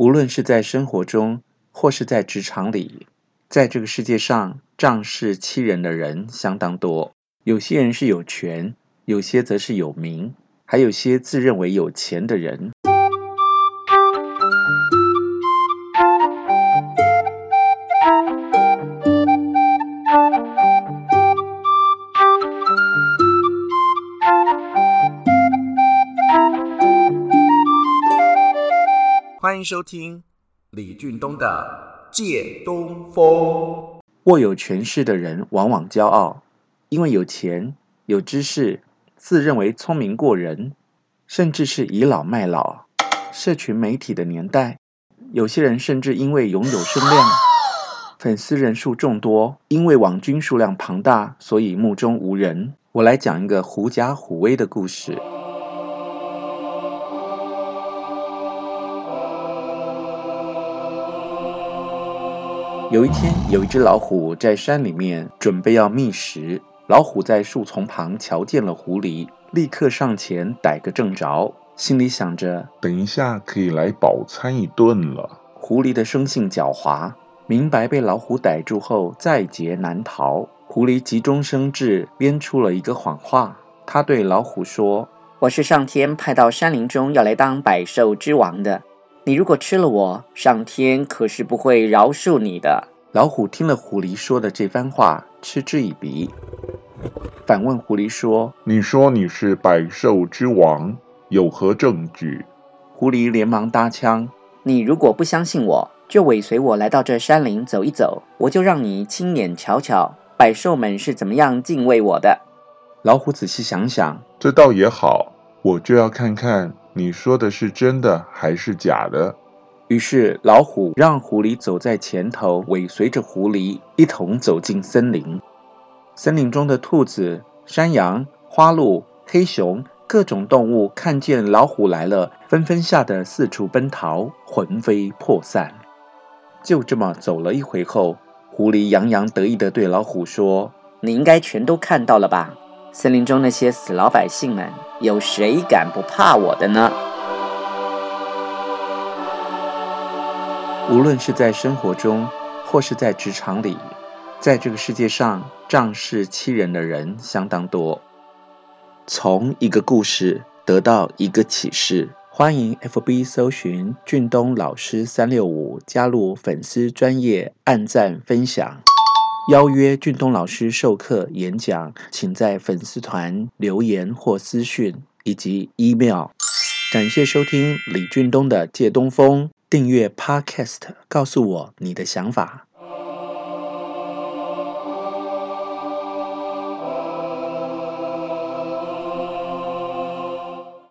無論是在生活中，或是在職場裡，在這個世界上，仗勢欺人的人相當多。有些人是有權，有些則是有名，還有些自認為有錢的人。歡迎收聽李俊東的《借東風》。握有權勢的人往往驕傲，因為有錢、有知識，自認為聰明過人，甚至是倚老賣老。社群媒體的年代，有些人甚至因為擁有聲量、粉絲人數眾多，因為網軍數量龐大，所以目中無人。我來講一個狐假虎威的故事。有一天，有一隻老虎在山裡面準備要覓食。老虎在樹叢旁瞧見了狐狸，立刻上前逮個正着，心裡想着：等一下可以來飽餐一頓了。狐狸的生性狡猾，明白被老虎逮住後在劫難逃。狐狸急中生智，編出了一個謊話。他對老虎說：“我是上天派到山林中要來當百獸之王的。”你如果吃了我，上天可是不會饒恕你的。老虎聽了狐狸說的這番話，嗤之以鼻，反問狐狸說：“你說你是百獸之王，有何證據？”狐狸連忙搭腔：“你如果不相信我，就尾隨我來到這山林走一走，我就讓你親眼瞧瞧百獸們是怎麼樣敬畏我的。”老虎仔細想想，這倒也好，我就要看看。你說的是真的還是假的？於是老虎讓狐狸走在前頭，尾隨着狐狸一同走進森林。森林中的兔子、山羊、花鹿、黑熊，各種動物看見老虎來了，紛紛嚇得四處奔逃，魂飛魄散。就這麼走了一回後，狐狸洋洋得意地對老虎說：“你應該全都看到了吧？”森林中那些死老百姓們，有誰敢不怕我的呢？無論是在生活中，或是在職場裡，在這個世界上仗勢欺人的人相當多。從一個故事得到一個啟示，歡迎 FB 搜尋俊東老師三六五，加入粉絲專頁，按讚分享。邀約俊東老師授課、演講，請在粉絲團留言或私訊以及 email。感謝收聽李俊東的借東風，訂閱 Podcast，告訴我你的想法。